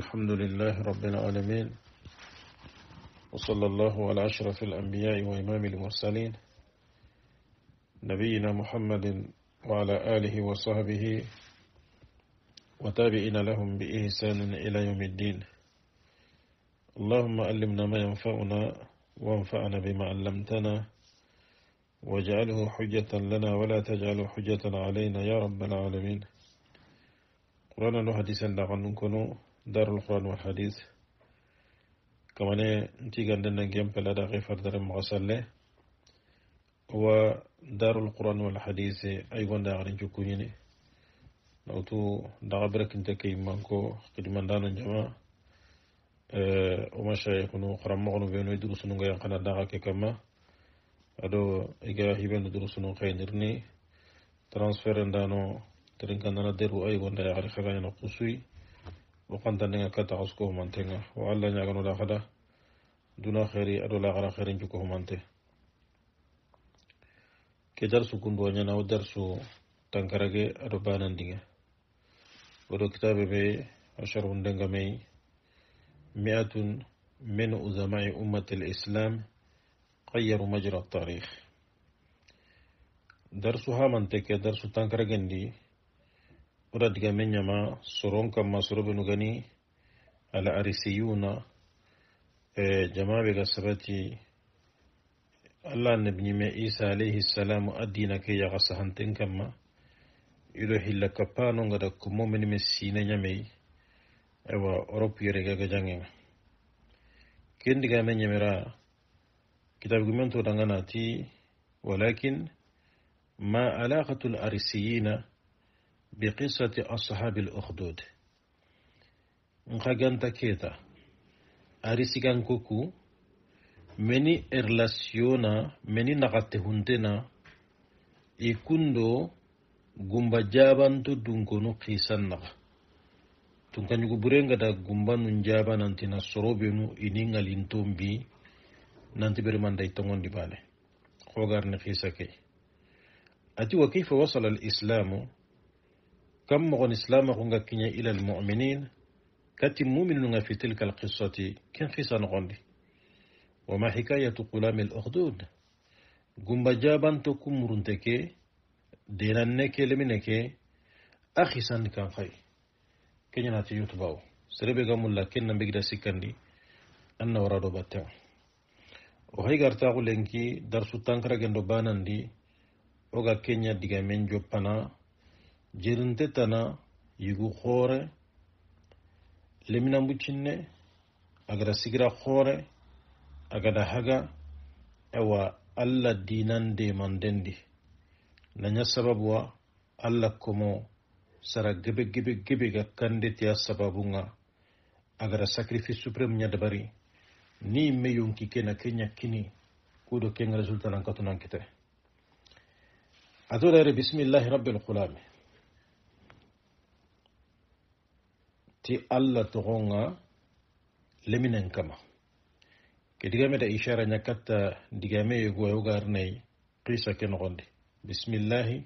الحمد لله رب العالمين وصلى الله على أشرف الأنبياء وإمام المرسلين نبينا محمد وعلى آله وصحبه وتابعين لهم بإحسان إلى يوم الدين اللهم علمنا ما ينفعنا وانفعنا بما علمتنا واجعله حجة لنا ولا تجعله حجة علينا يا رب العالمين قرآن حديثا لعنكنو دار القرآن والحديث كمان نتيجة عندنا جيم بلا دا داغي فردر و دار القرآن والحديث أيضا جو كونيني نوتو داغبرك انت كي مانكو قدمان دانو جماعة ومشايخنو مغنو بينو يدرسونو غيان قنا دا غاكي كما اه، أدو إيجا هيبين درسنو خينرني ترانسفير اندانو ترين كان انا ديرو اي وندا يعرف خلايا نقصي وقنتنغا كتاغسكو مانتنغا وعلا نياغنو لا خدا دونا خيري ادو لا غرا خيرين جوكو مانتي ke darsu gundo ñana o darsu tankarage aɗo banandiga oɗo kitabe ɓe asharu ndenga mai mi'atun min uzamai ummat l islam qayyaru majra tarikh darsu hamante ke darsu tankaragendi ورد من يما سرون كما سرب نغني على أريسيونا آه، جماعة بغسبتي الله نبني ما إيسا عليه السلام أدينا كي يغسهن كما إلو هلا كبانو غدا كمو من مسينا يمي أوا أيوة، أوروبي رغا جانجنا كندغا من يمرا كتاب جمنتو دانغانا ولكن ما علاقة الأريسيين بقصة أصحاب الأخدود نخجنت كيتا أريسيغان كوكو meni erlasiona meni nagate huntena i kundo gumba jabanto dunkonu kisan naga tunkañugu burengada gumba nun jaba nantina sorobenu ini ŋalinton bi nanti beremanda i toŋondi bane hogarni kisa ke ati wa kaifa wasala alislamu كم مغن غنغا كنيا إلى المؤمنين كاتي مؤمن في تلك القصة كان خيسان غندي وما حكاية قلام الأخدود قم جابان تكم مرنتك دينانك لمنك أخيسان كان خي كنيا ناتي يتباو سربي قام الله كنا بيقدا لي أن ورادو باتاو وهي غرتاغو لنكي درسو تانكرا جندو بانان دي وغا كنيا ديغامين جو Cerinde dana yugu khore lemina mbuchinne agada sigira khore agada haga ewa alla dinan de mandendi nanya sababuwa alla komo sara gebe gebe gebe ga kandetiya sababunga agada sacrifice supreme nya dabari ni me yonki kena kenya kini kudo kenga resulta nan katunan kite adora bismillahi rabbil qulami ti alla togonga leminen kama ke da ishara nyakata digame yego yogarnayi qisa ke nogondi bisimillahi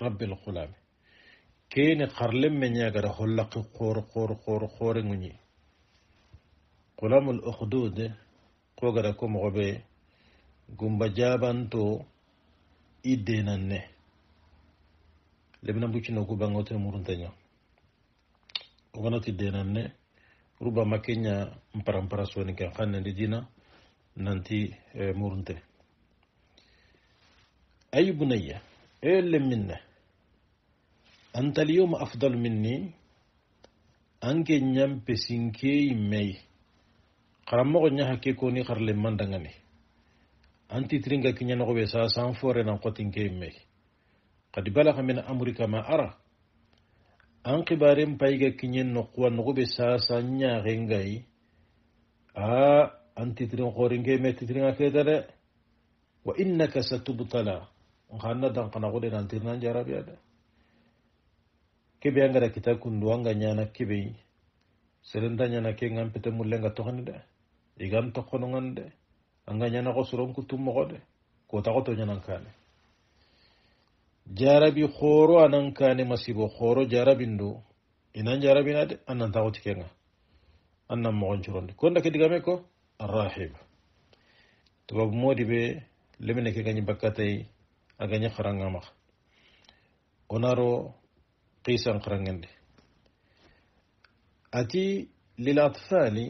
rabbil qulami keni xarlemme ñagara hollaki qoor qoor qoor qoore ŋuñi qulamul ukhdud kogara ko mogoɓe gumba jabanto i denanne lemina mbuccino gubangote muruntaña woganati denanne rubama kenya mparampara soni ken di dina nanti eh, murunte ay bunayya elle minna anta al-yawma afdal minni anke ñampe sinkeyi meyi xaranmoxo ñaxa ni anti xarle mandangani no be sa san forenan xotinkeyi meyi qad balagha min amrika ma ara an kibaren paiga kinyen no be sa sa nya rengai a an titirin xoorinke me titiringa keta wa innaka satubtala nxanna danxanaxude nantirnan jarabia de kebe angara kita kundu anga nyana kebe nya na ke ngam pete mulle nga toxani de igam toxonongan de anga nyana xo soron kutum moxo de kota nan ñanankane jarabi khoro anan kane masibo khoro jarabin do inan jarabin de annan tawti kenga annan mogon curondi kon da kidigame ko arrahib tubabu modi be lemene ke gañi bakkatay a gañi xaranga onaro qisan xarangandi ati lilatfani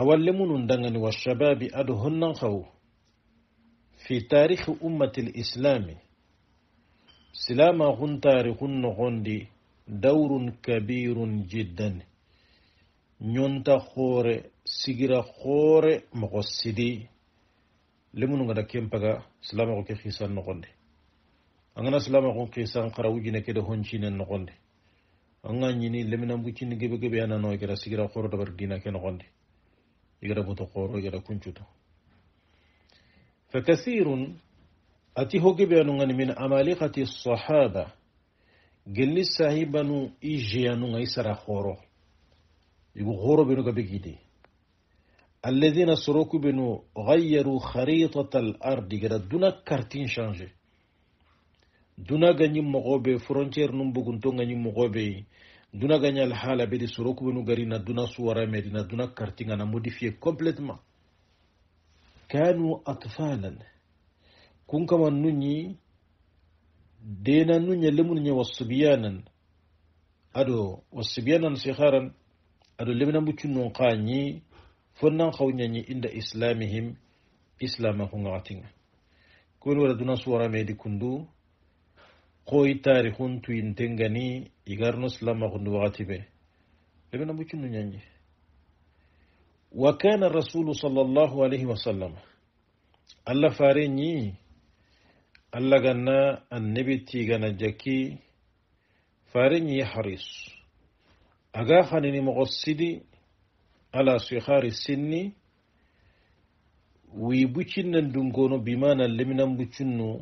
awalle munun dangani washababi ado honnan في تاريخ أمة الإسلام سلام غن تاريخ غندي دور كبير جدا نونتا خور سيجرا خور مغسدي لمن غدا بغا سلام غو كيسان نغندي أنا سلام غو كيسان قراو جينا كده هونشين نغندي أنا نيني لمن أمبو تشين جيبي جيبي أنا نوي كده سيجرا خور دبر دينا كنغندي يغرا بوتو خور يغرا كونشوتو فكثير أتيه جبان من أمالقة الصحابة جل سايبانو إيجيانو غيسرا خورو يقول خورو بنو كبكيدي الذين سروكو بنو غيروا خريطة الأرض قد دونا كارتين شانجي دونا غني مغوبي فرونتير نمبوغنتو غني مغوبي دونا غني الحالة بدي سروكو بنو غرينا دونا سوارا مدينة دونا كارتين أنا موديفيه كومبليتمون kanu atfalan kun kama nunyi dena nunya lemun nya wasubiyanan ado wasubiyanan sikharan ado lemna bucun non qanyi fonnan khawnya ni inda islamihim islama hungatinga kun wala duna suwara me dikundu koy tarikhun tuyin tengani igarno islama kundu wakati be lemna bucun nunyanyi وكان الرسول صلى الله عليه وسلم ألا فارني ألا جنا النبي تيغنا جكي فارني حريص أغا مغصدي على صخار السن ويبوشن ندنغونو بمانا لمنا بوشنو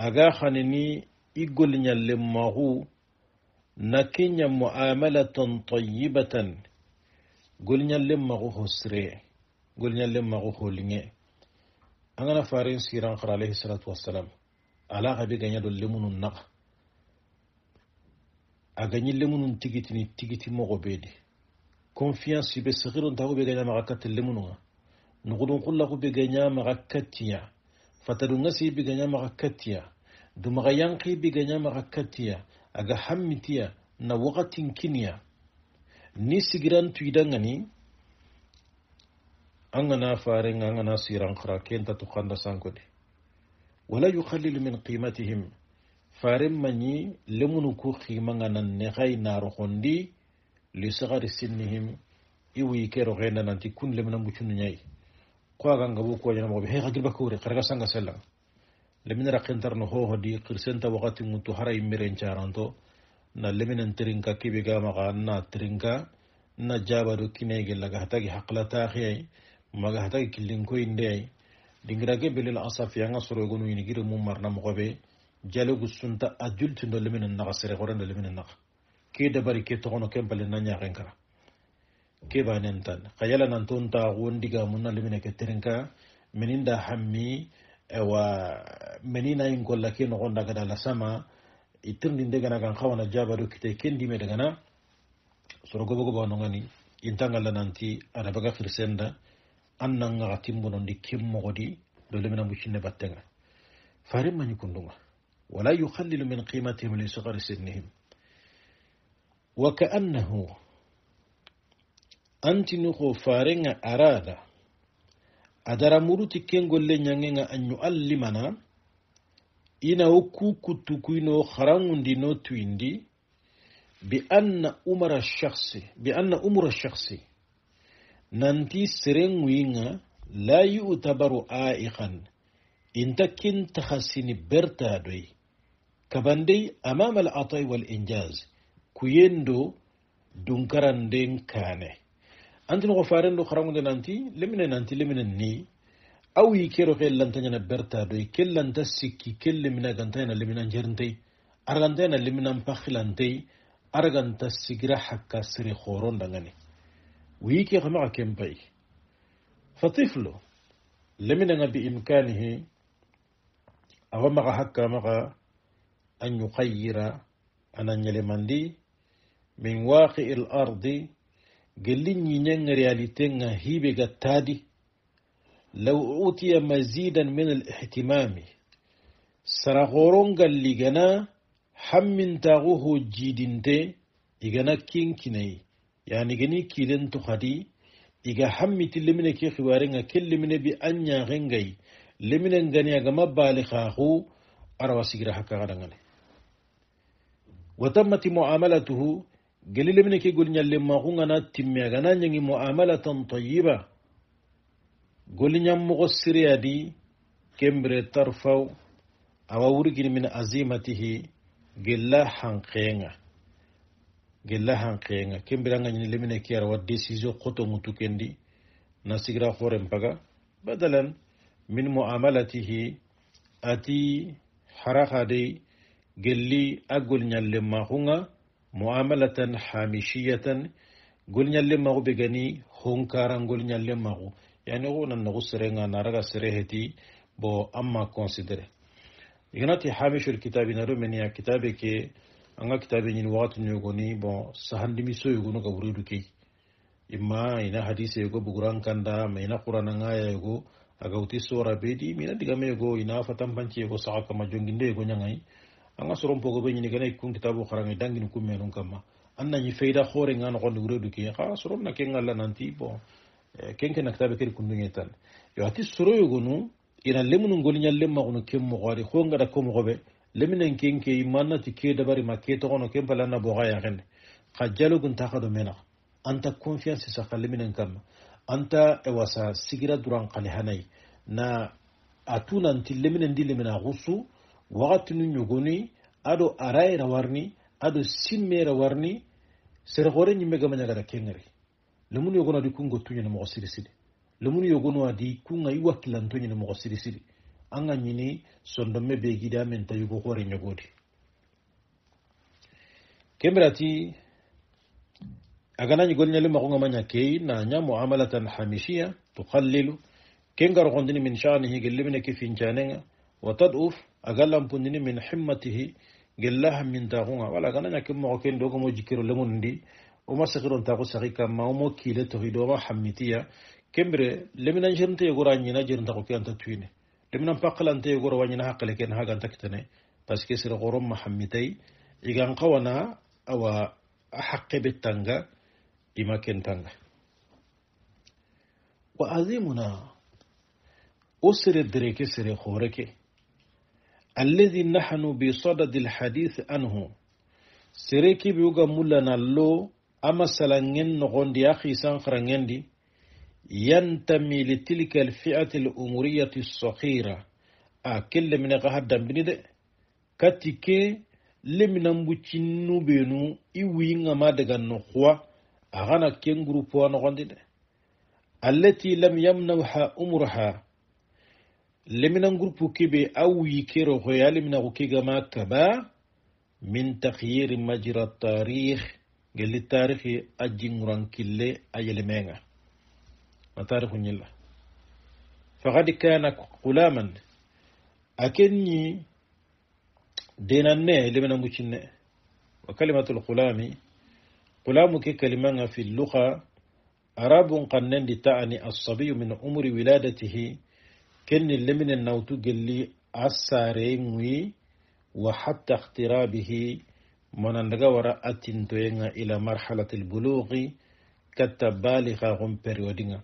أغا خانني إيقول نيال لماهو نكين مؤاملة طيبة gulnya lemma maxu ho sire gol ñallem maxu ho farin siran khara alayhi salatu wassalam ala xa be do lemunun naq a ganyi lemunun ni tigiti moxo beedi confiance be sexirontaxu be gaña maxa katta lemununga nuxudun xullaxu be gaña maxa kattiya fatadunga si be gaña maxa kattiya dumaxa yanqi be gaña maxa aga hammitiya na waxatin kiniya ni sigiran tuidangani an gana farenga an gana sirankara kenta tukanda sankode wala yukallilu min qimatihim faren mañi lemunu ku ximanga nan nexay naroxondi li sagari sinnihim i wuyi ke nanti kun lemina mucunu ñayi ko aganga bu koñana moxoɓe xe xa girba kowri xaraga sanga sellanga leminara xentarno xooxodi xirsentta waxati ŋutu hara yimmiren caranto na leminen tirinka kibiga maga na tirinka na jabado kinege laga hatagi haqla taaqiyay maga hatagi kilinkoyindeyay dingirage belel asafi anga sorogonu inigiri mu marna mogobe jalogu sunta a jultindo leminen sere gorendo leminen naga ke dabari ke togono ken na kara ke banen tan nan ton taaxu na lemine ke tirinka hammi ke sama itirndinde gana gan hawana jabaɗo kite kendime dagana soro gobo ngani intanga la nanti ana baga hirsenda an nan gaxa do lemina mu mucinne battenga farin mañi kunduma wala yukhallilu min qimatihim li sughar sinnihim wa kaannahu antinu fare nga arada adara muruti kengolle ñangenga an allimana Ina inawo kukutukuino haranŋundino indi bi anna umara shakhsi bi anna umura shakhsi nanti serenŋuyinŋa la yu'tabaru a'ikhan inta kin berta bertadoy kabandei amama atoi wal injaz kuyendo dunkaranden kane antin ko farendo kharangunde nanti lemine nanti lemine ni أو يكيرو خيل لن تنين برتا دوي كل لنتا سيكي كل من أغنتين اللي من أنجرنتي أرغنتين اللي من أنفخلنتي أرغنتا سيكرا حكا سري خورون دنغني ويكي غمع كم باي فطفلو لمن بإمكانه أو مغا حكا مغا أن يغير أن يلمندي من واقع الأرض قلني نين رياليتين هيبي قتادي لو أوتي مزيدا من الاهتمام سرغورونغا لغنا حمّن تاغوه تي إغنا كين كيني يعني جني كيدن تخدي إغا حمّي تلمنا كي من بي أنيا غنغي لمنا غنيا غما بالخاخو أروا سيغرا حكا غرنغني وتمت معاملته قليل منك يقول لما غنى تمي غنى معاملة طيبة golli ñammogo siriyadi kembire tarfaw awa wurgini min azimatihi gella hankenga gella hankenga kembiranga ñini lemine kiyara wa décision koto ŋutu kendi na sigira horen mpaga badalan min muamalatihi ati harakadey gelli a golñallemaxunga muamalatan hamishiyatan golñallemaxu be gani honkarangolñallemaxu yani wo nan nagu sere nga naraga sere heti bo amma considere yonati hamishol kitabi naro menia kitabe ke anga kitabe nyini wagati nyogoni bo sahandimi so yogono gaburidu kei imma ina hadise yogo buguran kanda ma ina qurana ngaya yogo agauti sora bedi mina digame yogo ina fatampanci yogo saka kama jonginde yogo nyangai anga sorompogo be nyini ganai kun kitabu qarangai dangin kumenun kama anna nyi feida khore nga nukon nukuridu kei kaa soronna ke ngalla nanti bo kenke na kitabe kiri kundu nyetan yo ati soro yogonu ina lemu nun goli nyalle ma gono kem mo gari ko ngada ko mo gobe leminen kenke imanna ti ke dabari ma ke to gono kem balana bo gaya gende qajjalu gun ta khado mena anta confiance sa khaliminen kam anta ewasa sigira duran qali hanai na atuna nti leminen di lemina gusu waqti nun yogoni ado arai rawarni ado simmera warni sere gore nyimme gamanya gada kengari lemun di kungo tuñana mogo siri siri lemun di kunga kila wakkilantoñana na siri sidi anga ñini sondome be gida men ta yugo hoore ñogodi kemberati aganañi golñali maxunga maña key naña muamalatan hamishiya tukallilu ken garxondini min shanihi gellimine ke fincanenga wa taduf aga min himmatihi gellaha min taxunga wala aganaña ke moxo ken dogomo lemun ndi وما سخرون تاقو سخيكا ما ومو كيلة تهيدو ما حميتيا كمبري لمن نجرن تيغورا نينا جرن تاقو كيان تتويني لمن نبقل أن تيغورا وانينا حق لكين هاقا تكتني بس كسر غورم ما حميتي إيغان قوانا أو أحق بالتنغا إما كين تنغا وعظيمنا أسر الدريك سر خورك الذي نحن بصدد الحديث عنه سريكي بيوغا مولانا اللو amasalangen nogondi a hisan harangendi yantami litilka alfi'ati alumuriyati alsaghira a kelle mine ka ha dambini de kati ke leminan buccinnu benu i wiyingama daga nohuwa agana ken gurupuwa nogondi de allati lam yamnauha umurha leminan gurupu kebe a wiyi ke rohoya leminaku kegama kaba min takyiri majra tarikh gelli tarihi a jinguran kille a yelimenga na tarihu ñilla fakad kana gulaman a kenñi denan ne limenangucinne wa kalimatul gulami gulamu ke kalimanga fi luga arabun kannendi ta'ani assabiyu min umri wiladatihi kenni leminen nawtu gelli a sare ŋuyi wa من ندغورا اتين توينغا الى مرحله البلوغ كتا بالغا غون بيريودينغا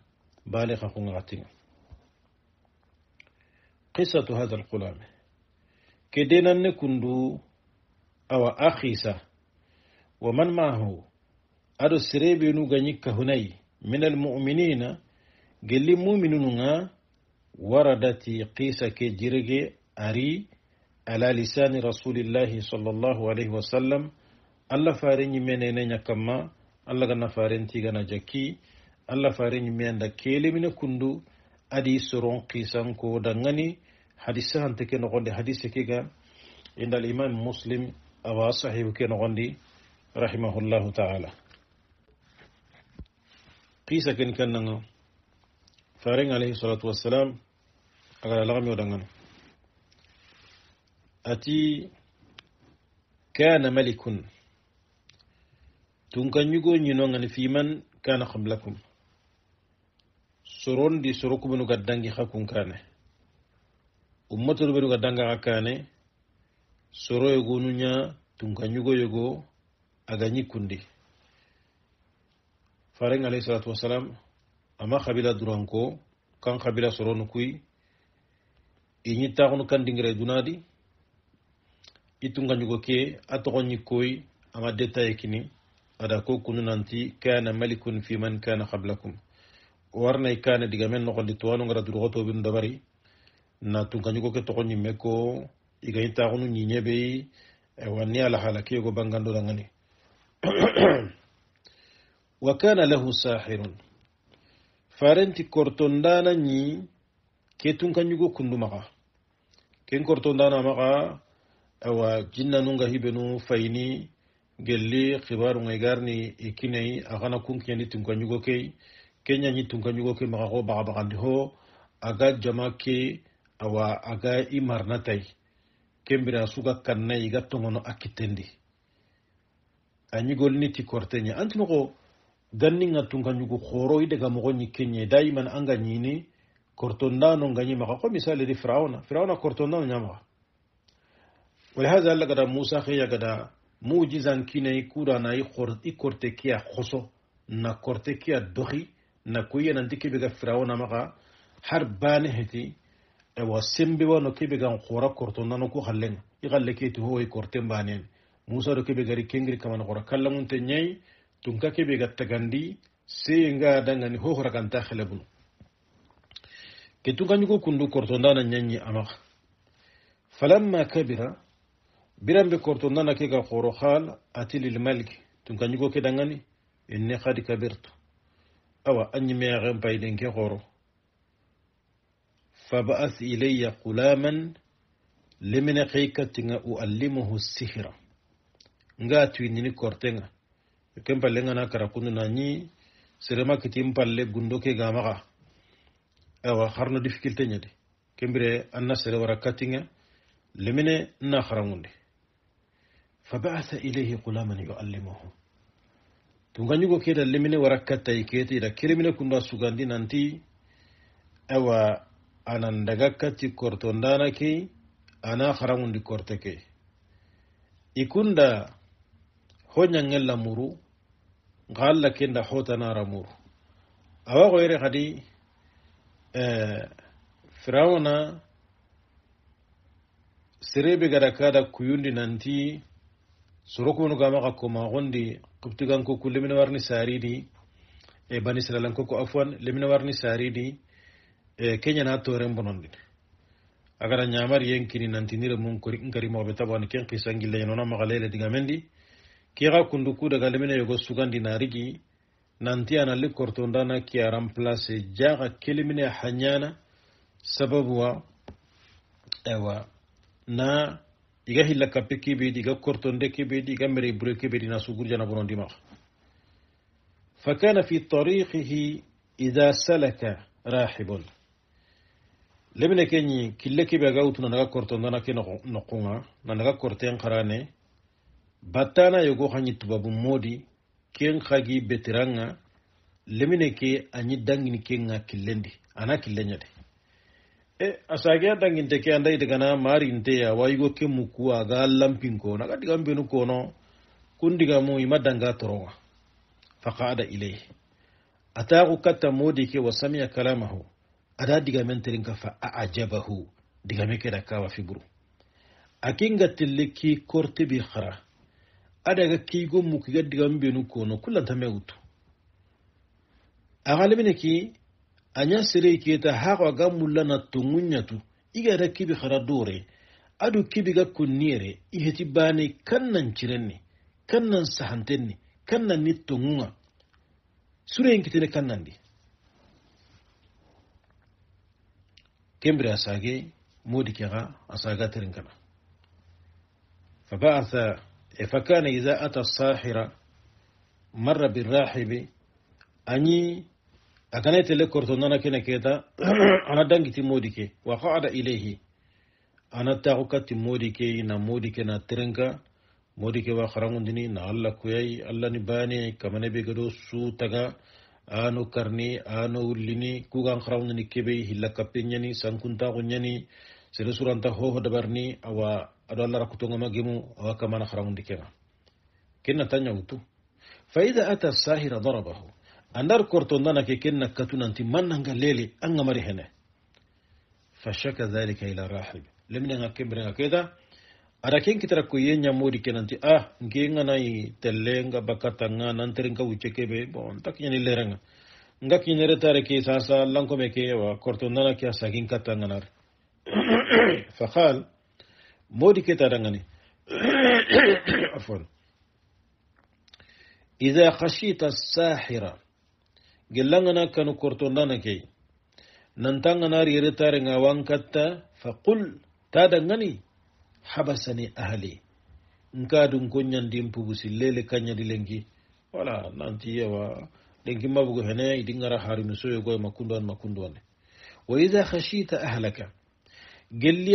بالغا غون غاتين قصه هذا القلام كدينا نكوندو او اخيسا ومن معه ادو سريبي نوغا نيكا هناي من المؤمنين جلي مؤمنون وردتي قيسا كي جيرجي اري ala lisani rasulillahi sallallahu alaihi wasallam allah fare ñimmene ne ñakkamma allah gana faren tigana jakki allah fare ñimme anda kelemine kundu adi soron kisanko dangani hadise hante ke nogondi hadise kega inda alimam muslim awa sahibu ke nogondi rahimahullahu taala kisa ken kannanga faren alayhi salatu wassalam agala lagami o dangana ati kana malikun tun kan yugo ñino ngani fiman kana xablakum sorondi sorokubenu gaddangi xa kun kane ummatoru benu gaddanga xa kane soro yogonu ña tun kan yugo yogo aga ñikkundi faren alayhisalatu wasalam ama xabila duranko kan xabila soronu kuy iñittaxunu kan dingire dunadi itunga ñugo ke a toxoñi koy ama kini ada ko kunu nanti kana malikun fi man kana qablakum warnay kana diga men noxondi towanu ngara bin dabari na tunga ke toxoñi me ko igañi taxunu ñiñeɓey wanni alahala ke yogo Wakana wa kana lahu sahirun farenti kortondana ñi ke tunkañugo kundu maxa ken kortondana awa jinna nunga nu faini gelli khibaru ngay garni ikinei agana kunkinyani nyugo kei kenya ni nyugo kei magago bagabagandi ho aga jama ke awa aga i marnatai kembira suga kanna iga tongono akitendi anyigolini ti kortenya antinogo ganni nga nyugo khoro i daga mogo ni kenya daiman anga nyini kortondano nganyi maga ko misali di firauna firauna kortondano nyamaga ولهذا الله قد موسى خيا قد موجزا كينا يكورا نا يكورتي كيا خصو نا كورتي كيا دخي نا كويا ننتكي har bani heti ewa sembe kabira biran bi korto nana ke ga horo hal atil il malik tun kan yugo ke dangani inni khadi kabirtu awa anyi me ga bayden ke horo fa ba'as ilayya qulaman limina khayka tinga uallimuhu sihra nga tuini ni kortenga ke mballe ngana kara kunu nani sirema kiti mballe gundo ke maga awa kharno difficulty nyade kembire anna sere wara katinga limine na kharangunde فبعث إليه غلاما يعلمه تنغنيغو كيدا لمن وركتا يكيتا إذا كرمنا كنا سوغاندي نانتي أوا أنا ندغاكتي كورتوندانا كي أنا خرامون دي كورتكي إكوندا honya ngella muru ngalla kenda hota nara muru awa goyre kadi eh, firawna serebe gada kada kuyundi nanti nu gama ka koma gondi kubtigan ko ku lemina warni saridi e bani siralan ko afwan lemina warni saridi e kenya na toren bonondi agara nyamar yenkini nira mun kori ngari mo beta bon ken kisangi le nona magalele diga mendi kira kundu ku daga lemina go sugandi na rigi nanti ana le ndana ki a remplacer jaga kelimine hanyana sababu wa ewa na iga hilla kappe keɓeedi iga kortonde kebeed iga mere bure kebeed na sugurjana bonondi maxa fa kana fi tariqihi ida salaka rahibun lemine ke ñi kille keɓe aga wutu nanaga kortondana ke noqunga nanaga korten xarane battana yogo xa ñi tubabu moodi ken xagi betiranga lemine ke añi dangini kenga killendi ana killeñade e asage danginte ke andai daga na marinteya wayigo ke muku aga lampinkono aga diga mbenu kono kundiga mu ima danga torowa ilai ilayhi ataku katta modi ke wa samiya kalamahu ada diga men terinka fa a'jabahu diga me keda kawa fiburu akinga tilliki korti bi khara ada ga kigo muku ga diga mbenu kono kullanta me wutu agalibine ki anya sere keta haxa ga mullana tonguɲatu i gata kibi xara dore adu kibi ga kunniyere i heti bane kan nan cirenni kan nan sahantenni kan nan ni tongunga sureyen kitene kan nandi kembire a sage modi ke xa a saga terin kana fa baasa فكان إذا أتى الساحرة مر بالراحب أني akana tele korto nana kene keta ana dangiti modi ke wa qaada ilayhi ana taxu katti modi ke na modi ke na terenka modi ke wa xarangundini na allah kuyayi allah ni baane kamane be gado su taga ano karni ano wullini kugan xarangundini kebe hilla kappe ñani sankuntaxu ñani sere suranta hoho dabarni awa aɗo allah rakkutongama gemu awa kamana xarangundi kena kenna ta ñawutu fa ida ata sahira darabahu andar kortondanake ken nakkatunanti mannanga lele angamari hene fashaka dhalika ila rahib lemnenga kemrenga keda ada ken kitara koye ñammodi kenanti a ngenganayi telle nga bakkatanga nantere nga wucce keɓe bon takñani lerenga ngakkineretare ke sasa lankome ke wa kortondana ke a sakin kattanganar fakal modi ketadangani عفوا إذا خشيت الساحرة gellangana kanu kortondana ke nantangana riyere tarenga wankatta faqul tadangani habasani ahli nkadun lele pugusillele kanyadi lengi wala nanti yewa lengi mabugo hene idingara harimusoyo goye makundoan makundoane wa ida khashita ahlaka gelli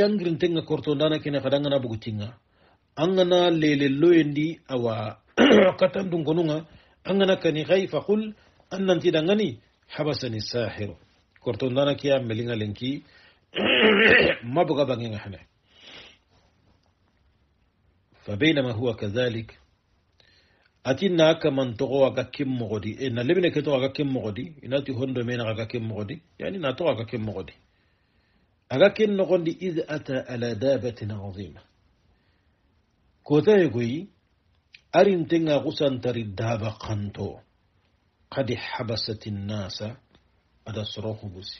na kortondana kene kadangana bugutinga angana lelelloyendi awa katandunkonunga angana kani hay faqul annanti dangani habasani sahiru korto ndana kiya melinga lenki mabuga bangenga hane فبينما هو كذلك أتينا كمان تغوى كم مغدي إن لبنا كتغوى كم مغدي إن أتي هندو مين غا كم مغدي يعني نتغوى كم مغدي أغا كم مغدي إذ أتى على دابة عظيمة كوتا يقوي أرين تنغا غسان تري دابة قنتو kadi habasatin nasa ada soro hubusi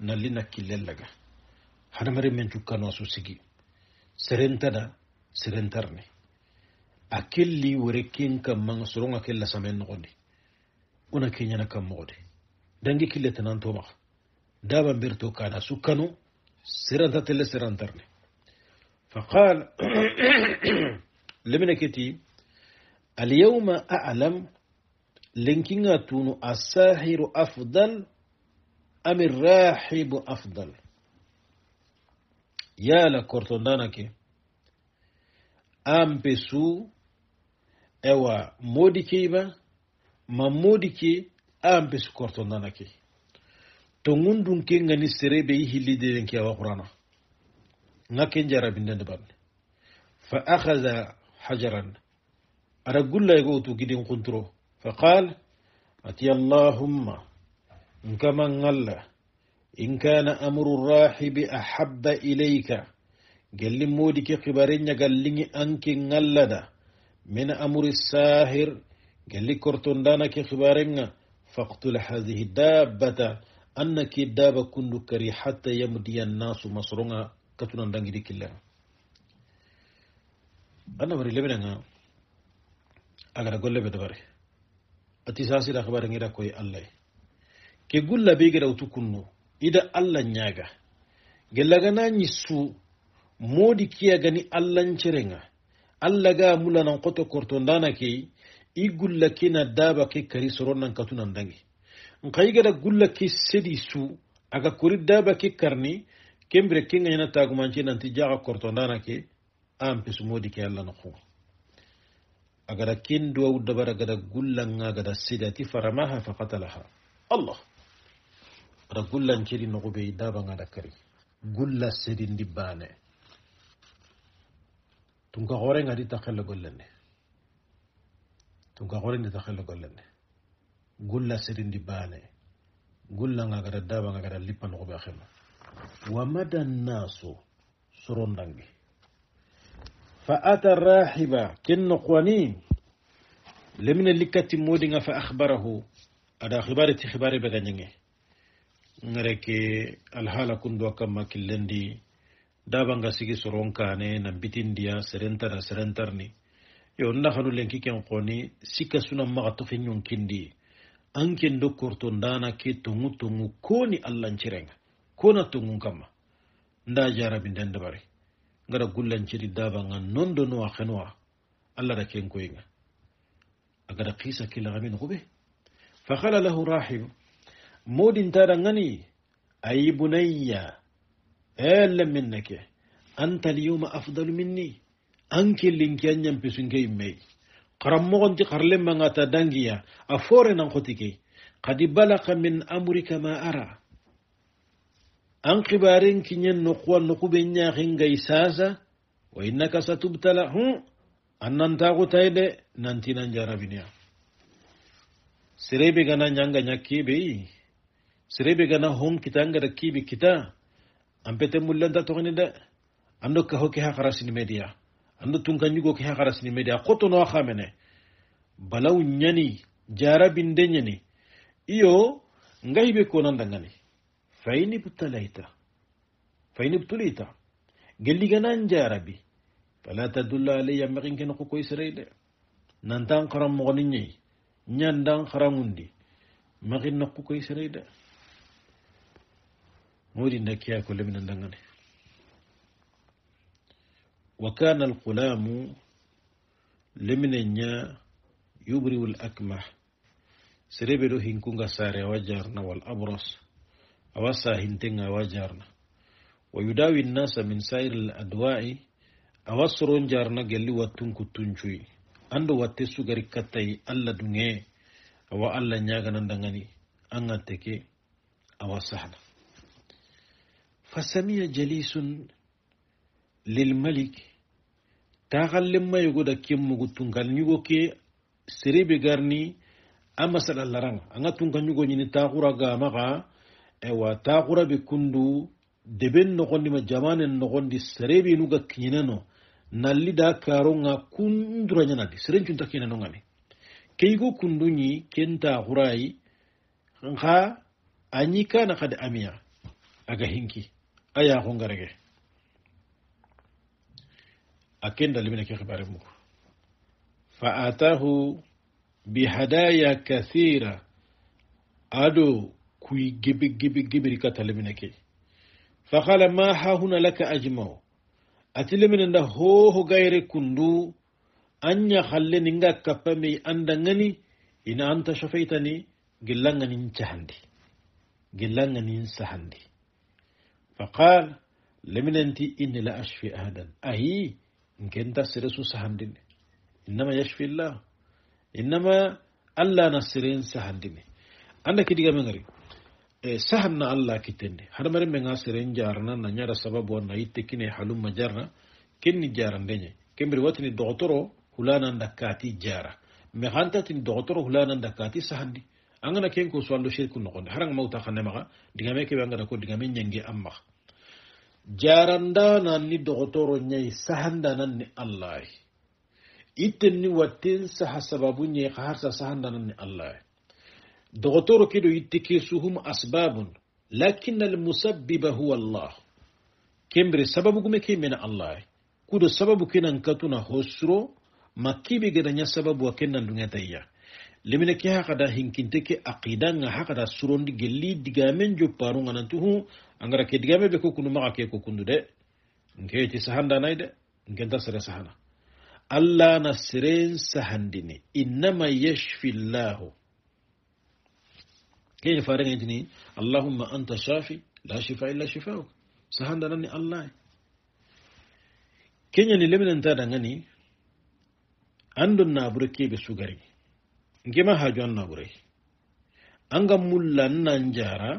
laga killellaga hadamare men cukkano su sigi serentada serentarne a kelli wore ken kammaga soronga kella samen nogondi una kan kammogode dangi kille tenantomaga daban berto kana sukkano seranta telle serantarne faqal kiti keti alyawma alam linkinga tuunu asahiru afdal am afdal yala kortondanake ampe su ewa modi ma modi ke ampe su kortondanake to gundun ke gani serebe yi hillideden ke awa qurana ga ken jarabindende banne fa akhada hajaran aɗa gullaygootu gidin kunturo فقال أتي اللهم إن كمن الله إن كان أمر الراحب أحب إليك قال مودك قبرين قال لي أنك نلد من أمر الساهر قال لي كرتون دانك قبرين فاقتل هذه الدابة أنك الدابة كندكري حتى يمدي الناس مصرنا كتنا دانجي كلا أنا بري لبنا أغنى قول لبنا ati da habaran ida koi allah ke gulla be geda utukunno ida allah ga gellagana ñissu modi kiya gani allah ga mulanan koto korto ndana ke i gulla kina daba ke kari soronnan katunan dangi nkayi geda gulla ke sedi su aga kuri daba ke karni kembire kenga ñana tagumanci ti jaxa korto ndana ke am pesu modi ke allah nokunga agada kin duwawu dabara gada nga gada sedati faramaha fakatalaha allah ada gullankeri nogobe dabanga da kari gulla sedindi bane tunka horenga di takhelle gollene tunka horendi takhelle gollane. gulla sedindi bane nga gada nga gada lippa gobe a xema wa madan nnasu surondangi فأتى الراحبة كنقواني لمن اللي كتمودنا فأخبره أدا خبارة خبارة بدنجي نريك الحالة كندو كما كلندي دابان غسيكي سرون كاني نبتين ديا سرنتر سرنترني يو نخلو لنكي كنقواني سيكا سنة مغطفين ينكين دي أنكين دو كورتون دانا كي تمو تمو كوني اللانشرين كونا تمو كما نداجارة بندن دباري ngara daba nga nondo nondonowa xenowa alla da ken koyinga a gada kisa kilaxamin fa khala lahu rahim modin modintaɗa ngani ayi bunayya e lemmin anta lyuma afdalu minni anki an killinke an ñampisunke yimmey xaranmoxonti xar lemmangata dangiya a fore nan khotike ke xadi min amrika ma ara an kibaren kinyen nukuwa nuku be ñahin gay sasa wa innaka satubtala hu annan nantaku taide nanti nan jarabinya sirebe gana ñanga ñakkibeyi sirebe gana hon kita angada kibe kita ampete pete da togni da ando ha ke hakarasini media ando tunkanñugo ke media kotono xamene balaw jarabin jarabinde nyani, iyo ngaybe ngayibe ngani فإن ابتليت فإن ابتليت قال لي جنان جا ربي فلا تدل علي يمغين كنقو كويس ريلي نانتان قرام مغنيني ناندان قراموندي مغين نقو كويس ريلي مودي نكيا كل من الدنغني وكان القلام لمن يبرئ الأكمح سربلو هنكونغا ساري وجارنا والأبرص awa hintenga awa jarna wa yudawi nnasa min sairi l adwa'i awa soron jarna gelli wattun kuttuncuyi ando watte sugari kattayi allah dunge awa allah ñaganandangani an gatte ke awa sahna fasamiya jalisun lilmalik taxallenma yogoda ken mugu tunkal ñugo ke serebe garni a masala laranga anga tunka taa ñini taxura gamaxa ewa bi kundu deben ma jamanen serebi nu ga kiñineno nalli da karonga kundurañanadi serencunta kiñinenongami keigo kunduñi kenta hurai nga anyika na xade amiya aga hinki a yaxongarege a ken dalimine ke xibare mu. fa atahu bihadaya kathira ado kuy gebe gebe geberi ka talemine ke fakala ma hahuna laka ajmao atilemine nda hoho gayre kunduu. anya halle ninga kappa mei anda ngani ina anta shafaitani gillanga nin cahandi gillanga nin sahandi Faqaal leminanti inni la ashfi ahadan ahi nkenta siresu sahandine innama yashfi llah innama allah na siren sahandine anda kidigamengari Eh, sahan na allah kitende hadamaren men ga seren jarana na ñada sababu na yitte kine halumma jarna kenni jarandeñe kembiri watini dogotoro hulananda kati jara mais hantatini dogotoro hulananda kati sahandi angana ken ko digame ko digame jaranda ni sahanda nan ni ni sababu sahanda nan ni da dogotoro kido yittikeesu hum asbabun lakin ba huwa allah kembere sababu gume ke mena allah kudo sababu kenan katuna hosro gada nya sababu wa kenan dungatayya lemine ke da hinkinte ke aqida nga haka hakada surondi min digamen paru nga nantuhu angara ke digame be ko kunu ke ko kundu de yi sahanda nay de nkenta sere sahana allah na seren sahandini innama yashfi llahu fara farenga tini allahumma anta shafi la shifa illa shifauk nan nani allah kenya ni leminan ta an dun na dangani andon nabure kebe sugari ngema haju an nabure anga mulla nan jara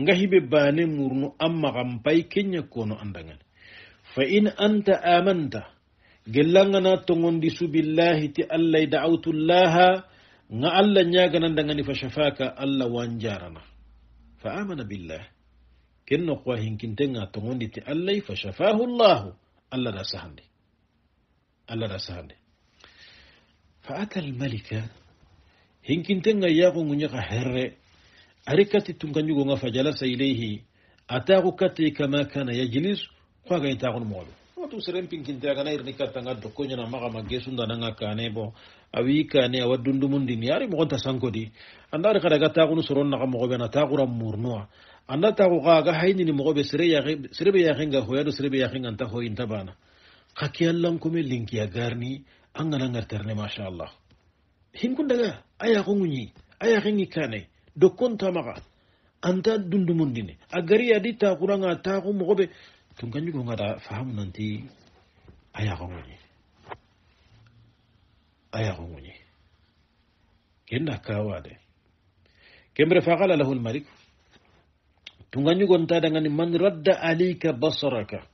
nga hibe bane murnu amma kampai kenya kono andangani fa in anta amanta gellangana tongondi su billahi ti allah da'awtullaha nga allah ñaganandagani fa shafaka allah wanjarana fa amana billah ken no qowa hinkintenga ti allahy fa shafahu llahu allah da sahande allah da sahande fa ata al malika nga almalika hinkintenga ka herre ari kati nga fa jalasa ilayhi ataku kati kama kana yajlis qoagañitaxun moxoɓe watu serem pinkinte agana irni kattanga dokko ñana maxa ma gesundananga kane bo awi kane awa ni ari moxonta sankodi andari xada ga taxunu soron naxa moxoɓe ana taxura murnuwa anda taxu xa aga ni haynini moxoɓe serebe hoya do serebe anta hoi inta bana kaki ke kume linki agar ni a terne masha Allah ngarterne machallah hinkundaga a yaxonguñi a kengi kane dokon dokkonta maxa anta dundu dundumundini a gari adi taxuranga taxu moxoɓe yi wani kin fahamu nanti ayagongonye ayagongonye kenda kawade kembre faqala lahu yi gunta da dangani man radda alika basaraka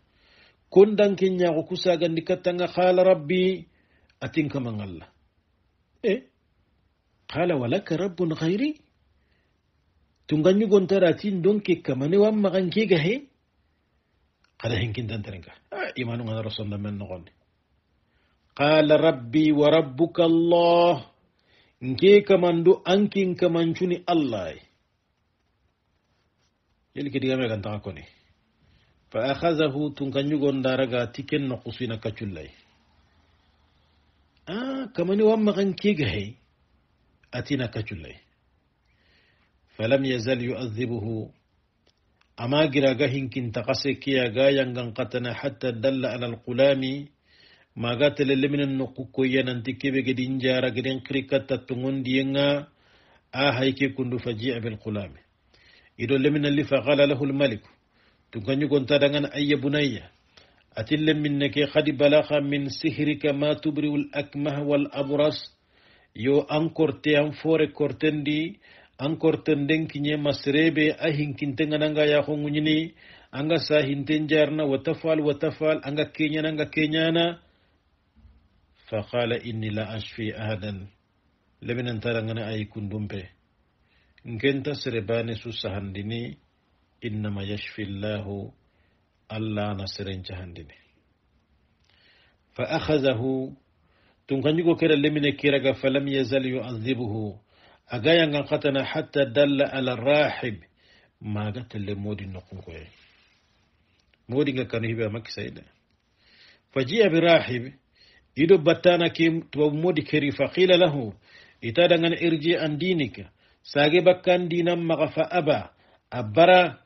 kon kusa ñaago kusagandi ga kala rabbi allah eh qala walaka rabbun yi gunta da tin donke kamane wammagan ga he قد هنكن دنترنكا آه، إيمان أنا رسول من نغني قال ربي وربك الله نكي كمان دو أنكين كمان شوني الله يلي كده يامي كان تاكوني فأخذه تنكن يغن دارغا تكن نقصينا كتشلي آه كمان يوام غن كيغهي أتينا كتشلي فلم يزل يؤذبه أما جراغا هنكين تقسي كياغا ينغن قتنا حتى دل على القلام ما قاتل لمن النقوكو ينانتي كيبه قدين جارا قدين قريكا تتنغن دينا آهي كي كندو فجيع بالقلام إدو لمن اللي فقال له الملك تنغن كنت دنغن أي بني أتل منك قد بلغ من سحرك ما تبرئ الأكمه والأبرص yo an korte an fore kortendi ankor tenden kinye masrebe ahinkinten ananga yaxonguñini anga sahinten jarna watafal watafal anga keñana anga keñana faqala inni la ashfi ahadan lebenantarangana ayi kundumpe nkenta serebane susahandini, sahandini innama yashfi llahu allah na serencahandini fa akhadahu tun kera lemine kiraga falam yazal yu'adhibuhu أجايا قتنا حتى دل على الراحب ما اللي مودي نقوم قوي مودي كان هبه سيدا فجاء براحب يدو بتانا كيم تو مودي كري فقيل له إتادا ارجع عن دينك ساقي كان دينا مغا أبا أبرا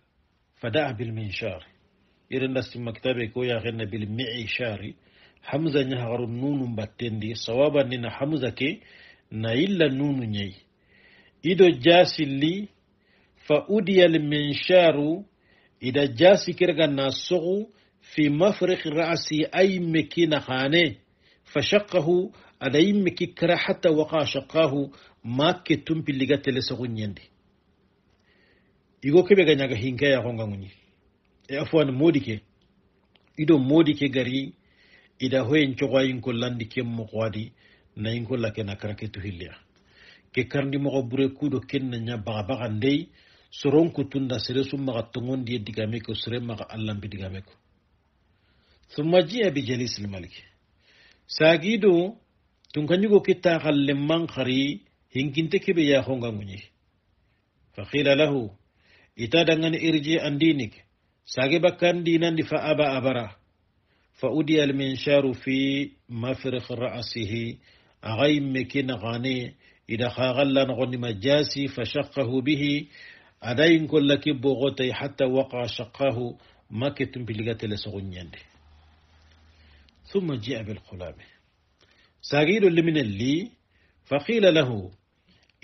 فدع بالمنشار إذن لست مكتبه كو ياغن بالمعيشاري حمزة نهار النون باتين دي صوابا نينا حمزة كي نايل النون نيي ido jasilli fa udiyal minsharu ida jasi kirga na sugu fi mafrik ra'asi ay miki khane fa shaqahu ada yi miki kara hatta waka shaqahu ma ke tumpi liga tele igo kebe ga hinga ya honga munyi e afwan modike ido modike gari ida hoyen chogoyin ko landi ke mo na yin ko ke ke karndi mogo bure kudo kenna nya baga baga ndey soron ku tunda sere sum maga tongon digame ko sere maga allah bi digame ko thumma jiya bi jalis al malik sagido tun kanyugo kitta khalle man khari hinkinte kebe ya honga munyi fa qila lahu ita dangan irji andinik sage bakkan dinan di fa aba abara fa udiya al minsharu fi mafrikh ra'sihi aghay mekina ghani إذا خاغلا غني مجاسي فشقه به أدين كل كب غتي حتى وقع شقاه ما كتم بلغت لسغنيان ثم جاء بالغلام ساقيل اللي من اللي فقيل له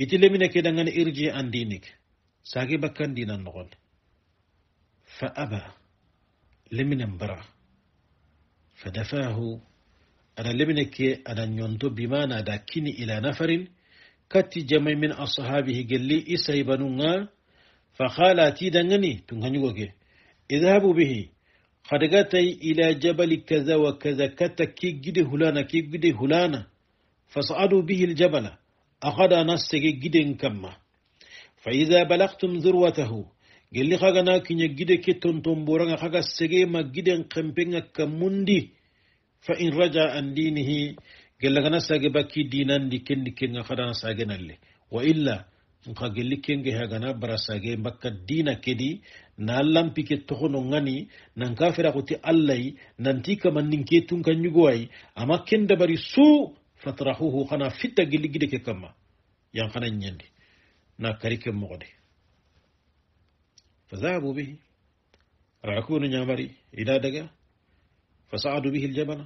إتلي من كده إرجي عن دينك ساقي بكان دينا نغل فأبى لمن برا فدفاه أنا لمنك أنا ينتو بمعنى داكيني إلى نفر كتي جمع من أصحابه قال لي إسا بنونا فقال تيدنني تنهنيوك اذهبوا به قد إلى جبل كذا وكذا كتا كي جدي هلانا كي جدي هلانا فصعدوا به الجبل أخذ ناس جدي كما فإذا بلغتم ذروته قال لي خاغنا كي جدي كي تنتم بورانا خاغا سجي ما جدي قمبين كموندي فإن رجع عن دينه gella gana sage bakki dinandi kendi kenga fadana sagenalle wa illa nka gelli kenge ha gana bara sage bakka dina kedi na lampi ke tohono ngani nan kafira kuti allai nan tika mannin ke tun kan yugo ai amma kenda bari su fatrahuhu kana fitta gelli gide ke kamma yan kana nyandi na karike mogode فذهبوا به رعكون نعمري إلى دقا فصعدوا به الجبل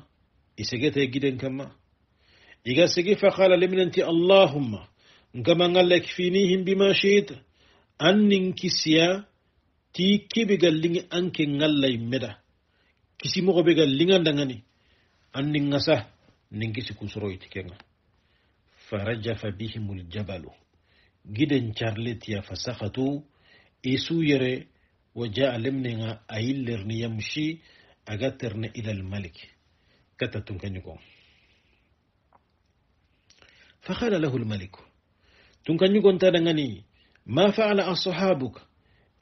إسجت جدا كما iga sigi fakala leminanti allahumma ngamangalla kfinihim bima shita annin kisiya ti keɓega liŋi anke ngallay meda kisi mogo ɓega liŋandangani annin ngasa nin kisi kusoroyti kenga farajafa bihim ljabalu giden charlet ya fasakhatu isu yere waja jaa ayillerni yamshi agaterne terne malik lmalik kata tunkañugon فقال له الملك تنكن يكون تدغني ما فعل أصحابك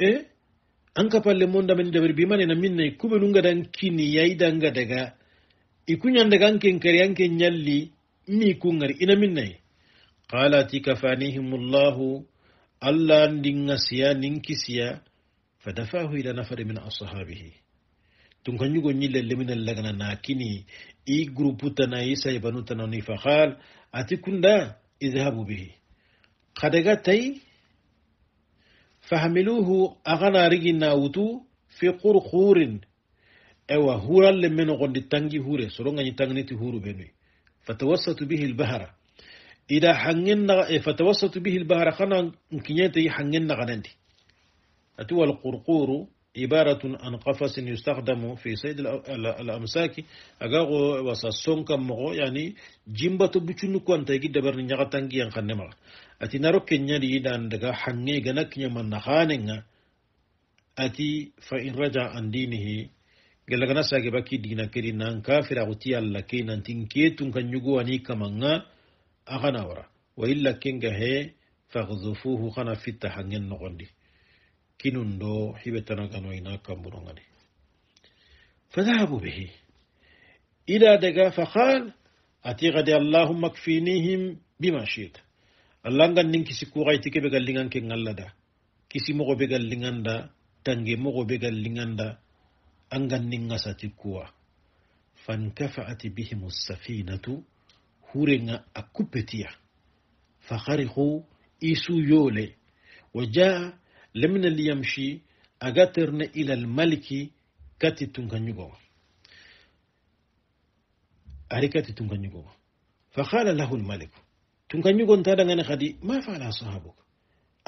إيه أنك بالله من دمن دبر بمن نمين كوب نونغا دان كيني ياي غدا غا يكون إكون يندغا أنكن كري أنكن يلي مي كونغر إنا من ني قال تكفانيهم الله الله ندين سيا نين كسيا فدفعه إلى نفر من أصحابه tunka nyile ñille lagana na akini i grupu tana isa saybanu tana ni ati kunda idhabu bihi khadega tay fahamiluhu agana rigi na utu fi qurqurin ewa hural le meno gondi tangi hure soronga ni tangniti huru benwe fatawassatu bihi albahara ida hangin na fatawassatu bihi albahara khana nkinyete hangin na ganandi ati wal qurquru عبارة عن قفص يستخدم في صيد الأمساك أغاغو وساسون كمغو يعني جنبة بتشن كون تيجي دبر نيغا تانجي أن خنمر أتي نروك كنيا دان دغا حنعي جنك كنيا من أتي فإن رجع عن دينه قال gana sage baki دينا كري نان كافر أوتي الله كي nan tinke tun kan أني ani kamanga agana wara wa illa kinga he faghzufuhu kana كنوندو حبتنا كانوا كمبرونغاني فذهبوا به إلى دقا فقال أتي غدي اللهم اكفينيهم بما شئت الله كوغاي تيكي بغال لنغان كي نغال لدا كسي مغو لنغان دا تنجي مغو لنغان دا أنغان ننغسا تكوا فانكفعت بهم السفينة هورينا أكوبتيا فخرقوا إيسو يولي وجاء لمن اللي يمشي أغاترنا إلى الملك كاتي تنغنيغو أريكاتي تنغنيغو فقال له الملك تنغنيغو انتا دنغاني خدي ما فعل صاحبك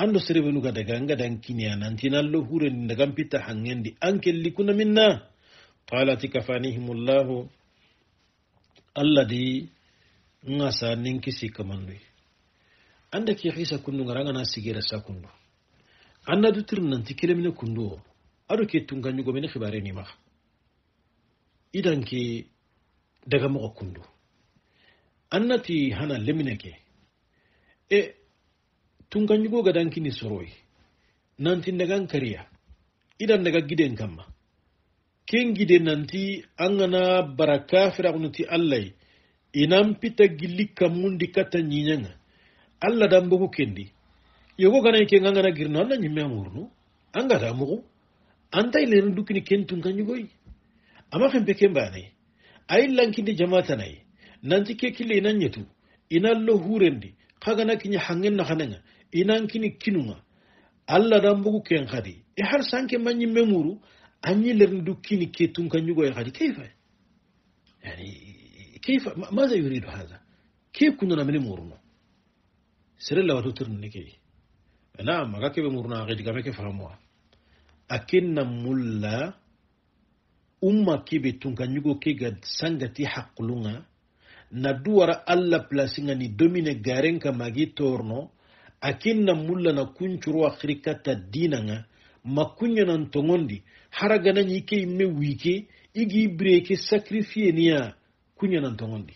أندو سريبو نوغا دنغا دنكيني أنا انتنا اللو هوري ندغم بيتا حنين دي أنك اللي كنا منا قالت كفانيهم الله الذي نغسى ننكسي كمانوي عندك يحيسا كنو غرانا سيجيرا ساكنو anna du nan ti kelemine kundo aɗo ke ne xibare nima ke daga moxo kundu ti hana lemine ke e tunganñugo soroi nan nanti daga kariya idan daga giden kama ken gide nanti an gana bara ti allai inan pita gilli kammundi kata ñiñanga allah dan bogu kendi yogo gana ke ngana girno na nyimme amurno anga ta mugo anta ile ren dukini kentun kan yugoyi amma kan be kemba ne ay lankinde jamaata nay nanti ke kile nan yetu inan lo hurendi kaga na kinya hangen na hananga inan kini kinuma, alla dan bugu ken khadi e har sanke manyi memuru anyi len dukini ke tun kan yugoyi khadi kayfa yani kayfa ماذا يريد هذا كيف كنا نعمل مورنا سر الله وتترن نكيه ana maga keɓe murna xe digame ke faxamoxa a ken mulla umma keɓe tunka ñugo ke ga sangati xaqulunga na duwara allah placinga ni domine garen ka magi torno a ken na mulla na kuncurowa xiri katta dinanga ma kunñanan togondi hara ganañi ke imme wiike igi bireke sacrifie niya kunñanan togondi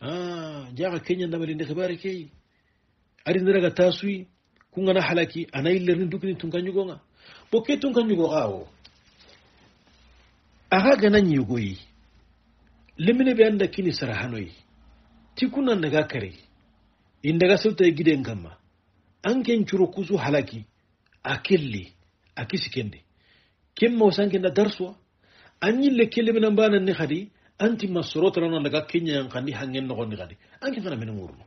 ah, jaxa Kenya nde xibare kei ari ndiraga tasuyi kungana halaki ana illerni dukini tun kan yugonga bo ke tun ga yugo awo aga ganan yugoyi lemine be anda kini sara hanoyi ti kunan daga kare in daga sauta giden gamma an ken curo kusu halaki a kelli a kisi kende ken mausan kenda darsuwa an yi le kele minan banan ni hadi anti masorota nan daga kenya yan hangen nogon ni hadi an ken fana menen wurno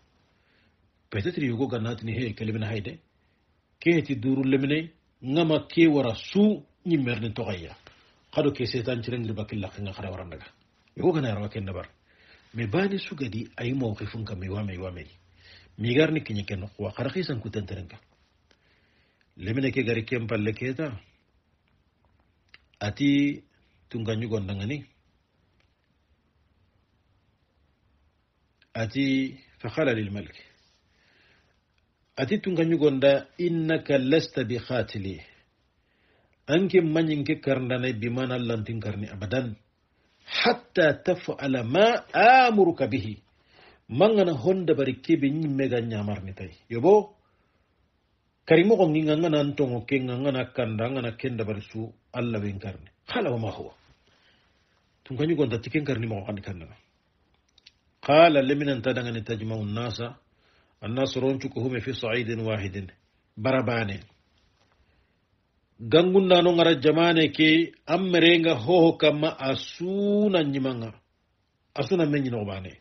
peut-être yugo gannatini he kele min hayde كيتي دور لمني نما كي ورا سو ني ميرن توغيا قالو كي سيتان جيرن غير باك الله خنا خري ورا نغا يو غنا يرا كين نبر مي باني سو غدي اي موقف فون كامي وا مي وا مي مي غار ني كني كن خو خرخي سان كو تنترنغا لمني كي غاري كيم بال كيتا اتي تونغاني غوندانغاني اتي فخال للملك ati tun kan yugonda innaka lasta bi khatili anke manyin ke karndane bi mana lantin karni abadan hatta taf'ala ma amuruka bihi mangana honda bari kebe mega nyamar ni tay yobo karimo ko nginga ngana ntongo ke ngana kanda ngana kenda bari su alla ben karni khala wa ma huwa tun kan yugonda tiken karni mo kan kanna qala liminan tadanga ni tajma'un nasa annas roncuko hume fi saidin wahidin barabane gangunnano ngara jamane ke an merenga hoho kamma a suna ñimanga a suna men ñinoxobane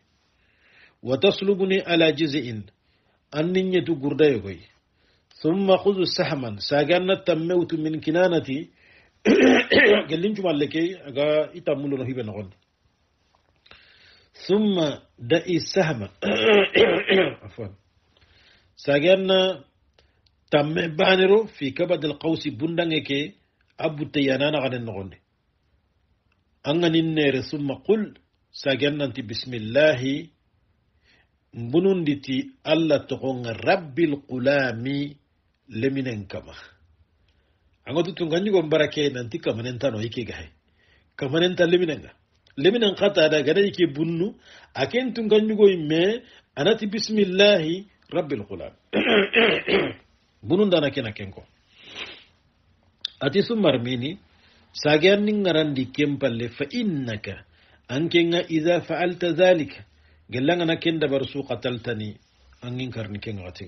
wa taslubuni ala jizi'in an nin ñetu gurdayo koy summa hudu sahman sage an na tammewtu min kinanati gellincumalle ke aga i tammulono hiɓe noxondi summa da'ii sahma sagenna tamme banero fi kabadal qawsi bundange ke abutte yananaxanen noxonde an ganin nere summa qul sagennanti bisimillahi mbununditi allah toxonga rabbil qulami leminen kama anga tutunga ñugon barake nanti kamanentano i kegaxe kamanenta leminenga leminen xatada gana i ke bunnu a ken tunga ñugoy me anati bisimillahi rabbil gulam bunun nake nake kenko ati sun mini sagyan nin ngarandi kempalle fa innaka ankenga idha fa'alta dhalika gellanga na kenda barsu qataltani yin karni gati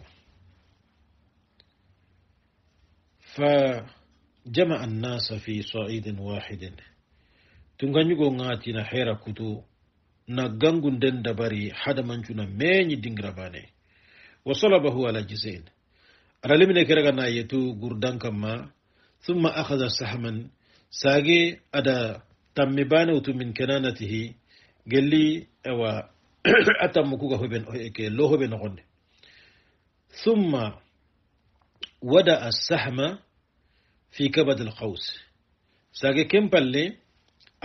fa jama'an nasa fi sa'idin wahidin tun غاتينا gonga كتو na hera kutu na gangun den dabari hada mancuna meñi dingira bane وصلبه على جزين رلم لمن كرغنا يتو غردان كما ثم أخذ سحما ساقي أدا تم بانوت من كنانته قال لي أوا أتم كوكا لو هو بن غني ثم ودأ السحم في كبد القوس ساقي كم بالي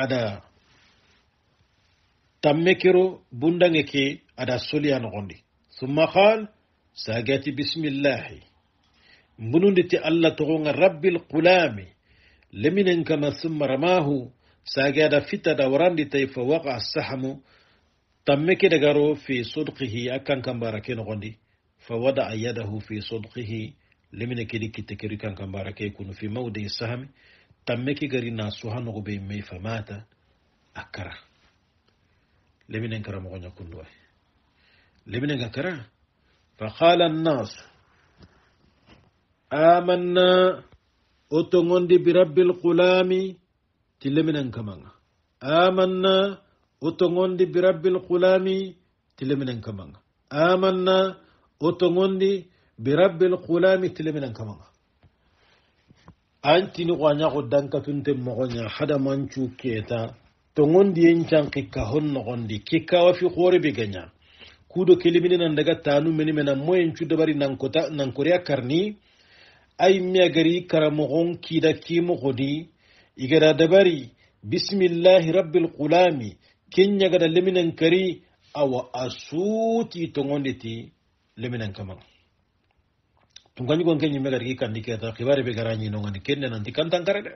أدا تم بندنكي أدا سوليان غني ثم قال sagati bisimillahi mbununditi allah togonga rabbil qulami leminen kama summa ramahu sagada fitada warandi tay fa waqa sahamu tamme ke dagaro fi sudqihi akkan kambara ke nogondi fa wada yadahu fi sudqihi lemine kedi kitte keri kan kambara ke kunu fi mawdi sahami tamme ke gari na suhanogo be mei fa mata akara leminen kara mogoña kunduway leminen ga kara فقال الناس آمنا أتغندي برب الغلام تلمنا كمان آمنا أتغندي برب الغلام تلمنا كمان آمنا أتغندي برب الغلام تلمنا كمان anti ni kwanya ko danka tunte mogonya hada manchu keta to ngondi en chanki ka honno gondi kika wa kudo kelimini nan daga tanu meni mena moyen cu dabari nankota korea karni ay miya gari karamogon kida kodi igara dabari bismillahi rabbil qulami kenya gada leminan kari awa asuti tongonditi leminan kaman tunganyi gon kenya megari ki kandi keta khibari be no nanti kantan kare de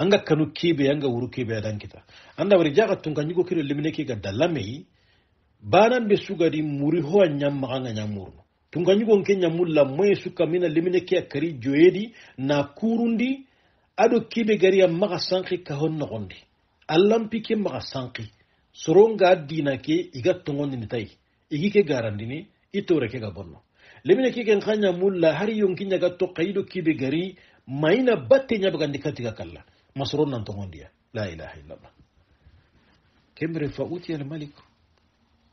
anga kanu kibe anga wuru kibe adan kita anda wari jaga tunganyi go kiro lemine ki gada banan be sugadi muri ho nyam maganga nyamurno tunganyigon ke nyamulla moye suka mina limine ke akari joyedi na kurundi ado kibe gariya maga sanki kahon nogondi allampi ke maga sanki soronga dina ke iga ni tai igi ke ni itore ke ga bonno lemine ke ken khanya mulla hari yonki nyaga to qaido kibe gari maina batte nyabagandi katiga kalla masron nan tongondiya la ilaha illallah kemre fa utiya al malik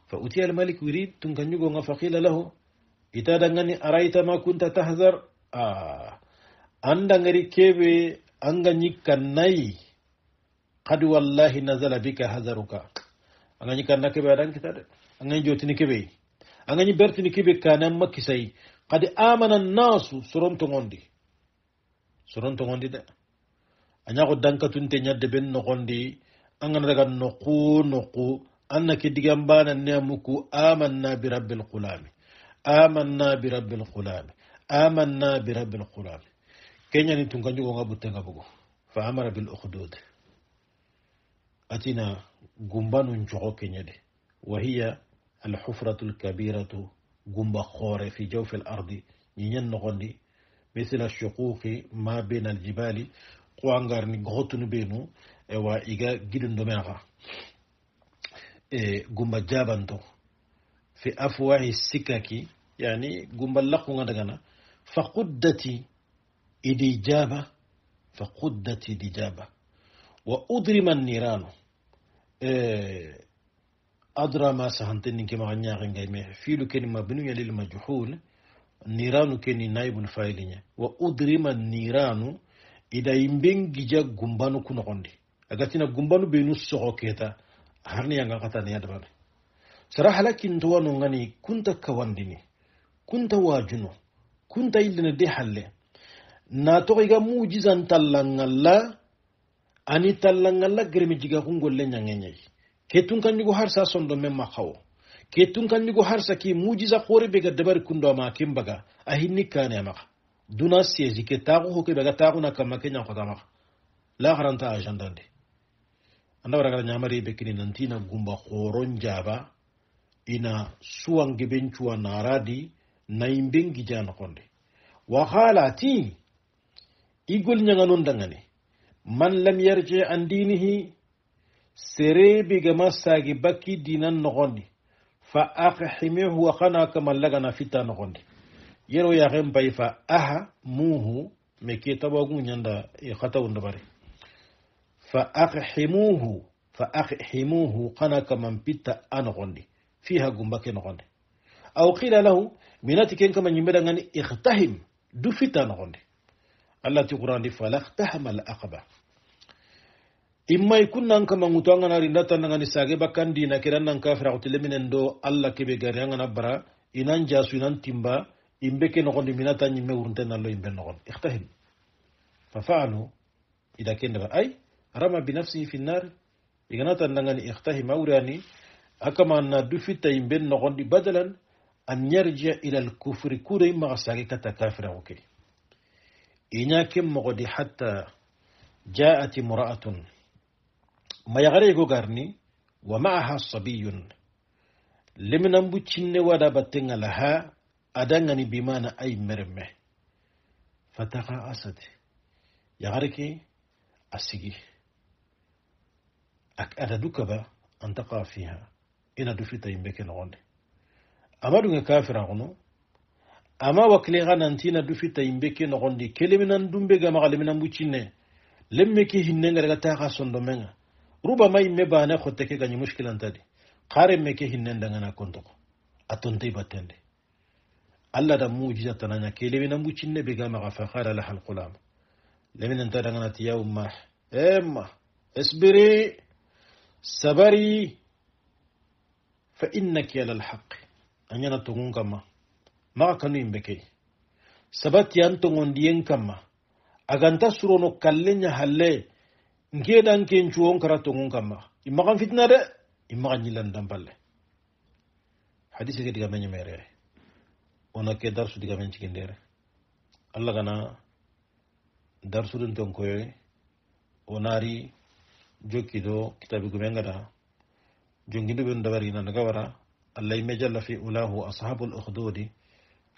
فأتي الملك يريد تنكنجو فقيل له إتادنغني أرأيت ما كنت تحذر آه أندنغري كيبي أنغني كناي قد والله نزل بك حذرك أنغني كنا كيبي أدن كتاد أنغني جوتني كيبي أنغني برتني كيبي كان مكسي قد آمن الناس سرون تغندي سرون تغندي ده أنيا قد دنكتون تنيا دبن نغندي أنغني رغا نقو نقو أنك ديغمبانا نيمكو آمنا برب القلام آمنا برب القلام آمنا برب القلام كينيا نتنقى نجوغا بوتنغا بوغو فأمر بالأخدود أتينا قنبان نجوغو كينيا دي وهي الحفرة الكبيرة قنبا خور في جوف الأرض ينين نغني مثل الشقوق ما بين الجبال قوانغار نغوتن بينو ewa iga gidin do غومبا إيه، جابانتو في افواه السكاكي يعني غومبا لاكو غانا فقدتي ايدي جابا فقدتي دي جابا وادرم النيران إيه ادرى ما كما غنياغن غاي مي في لو كلمة نيران كني نايب فايلين وادرم النيران اذا يمبنجي جا غومبانو كنوندي اغاتينا غومبانو بينو سوكيتا harni yanga katani yadabane sara halakinto wano ngani kunta kawandini kunta wajuno kunta ilde de halle na toxo iga mujizan tallangalla ani tallangalla geremi jiga kungolle ñangeñayi ke Ketun kan ñugo harsa sondo men ma kan ñugo harsa ki mujiza kore bega dabari kundo ama kimbaga, baga a hinni kane amaxa duna siégi ke taxu hoke bega taxuna kamma ke ñanxota maxa la xaranta anda waragara ñamari ɓe kini na gumba horon jaba ina suwan ɓen cuwa naradi nayi na konde wa haala ti igol ñaganon dangane man lam yarje an dinihi bi gama sagi bakki dinan nogondi fa akhimihu wa kana kama lagana fitta nogondi yero ya gem fa aha muhu me ke tabagu ñanda da eh, xatawundabare فأقحموه فأقحموه قنا كمن بيتا أنا غندي فيها جنبك غندي أو قيل له مناتي كن كمن يمدا غني اختهم دفتا غندي الله تقرأ فلا اختهم الأقبة imma kunnan kama ngutu anga na rinda tan ngani sage bakkan dina kiran nan kafira ko teleminen do alla kebe gari anga na bara inan jasu inan timba imbe ke nogon dimina tan nyimme urunten allo imbe nogon ihtahim fa fa'alu ida kenda ay رمى بنفسه في النار يغنات أنا نغني اختهي موراني اكما ان دفت يمبن نغني بدلا ان يرجع الى الكفر كوري ما ساريكا تكافر اوكي انك مغدي حتى جاءت امرأة ما يغري غرني ومعها صبي لمن امبوتشن ودا باتين لها ادانني أنا اي مرمه فتقى اسد يغريكي اسيجي ak ada dukaba anta ka fiha ina du fita yimɓe ke nogonde ama ɗum e kafira kono ama wakile ha nantina du fita yimɓe ke nogondi keleminan dumbe ga maxa leminan buccinne lemme ke hinnenga daga taxa sondo menga rubama yimme bane xotte ke gañi muskilantadi xaremme ke hinnen dangana kontoko a tonte battende allah da mujiza tananya ke leminan buccinne be ga maxa fa xara lahal qulama leminanta danganati ya ummah emma esbiri sabari fa innaki ala alhaq a ñana togun kamma maxa kanu yimɓe key sabati an togondiyen kamma aganta surono kalle ña halle ngeɗan ken cuwon kara togun kamma i maxan fitna de i maxa ñillandan palle hadise ke digame ñimere wona ke darsu digamen cigindere allah gana darsuden ton koyoy wonari jokkido kitabigumengaɗa jongidu ɓen dabari nanaga wara allah ime jalla fi ulahu ashabul ukhdudi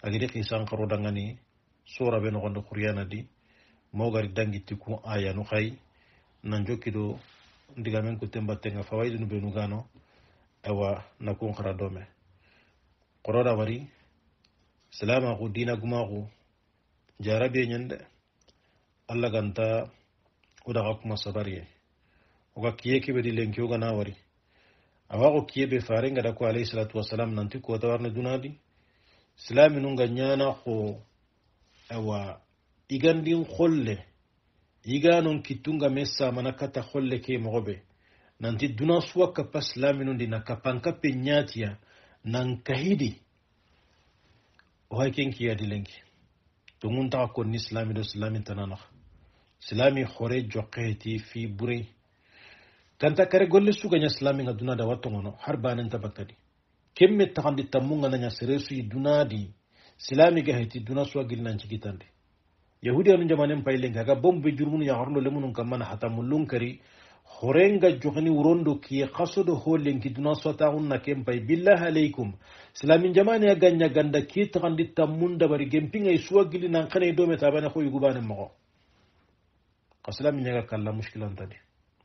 agidi kisankaro dangani sura ɓe nogonde kuryanadi mogari dangitti ku ayanu hay nan jokkido ndigamen ko fawaydunu ɓenu gano awa nakun hara dome koroɗa wari silamaku dina gumaku ñande allah ganta udaxa kuma sabariye oga kiye kebe di lenki oga nawari awako kiyebe farenga da ko alayhi salatu wassalam nanti ko tawarne dunadi silami nunga nyana ko awa igandin kholle iganon kitunga messa mana kata kholle ke mogobe nanti duna suwa kapa silami nundi na kapanka pe nyatiya nan kahidi ohaken kiya dilenki tungun ta ko silami do silami tanana silami khore joqeti fi buri kanta kare golle suga nya slami nga dunada da watongono har banen tabakadi kemme tagandi tammu nga nya seresu yi dunadi slami ga heti dunaso suwa nan gitande yahudi anu jamanen nga ga bombe jurmunu yaxarundo lemunun kammana hata mulun kari horenga joxini urondo ki xasodo ho lenki dunaso ta taxunna ken pay billahi aleykum slami jamane ya ganya ganda kiye taxandi tammun bari gempinga isuwa gilli nan xenay dome tabane xo mako qaslami nya ga kala mushkilan muskilantani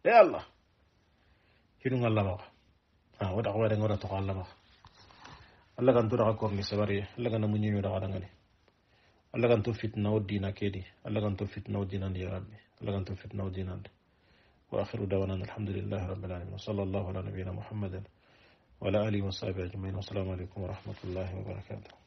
e allah hidun allah maxa a wo daxa wayarenga wota toxo allah maxa allah gantu daxa korni sabari allah gana muñiñu daxa dangani allah gantu fitna wo dina kedi allah gantu fitna wo dinandi ya rabbi allah gantu fitna wo dinandi wa akhiru dawanan alhamdulillahi rabbil alamin sallallahu ala nabiyina muhammadin وعلى آله وصحبه أجمعين والسلام عليكم ورحمة الله وبركاته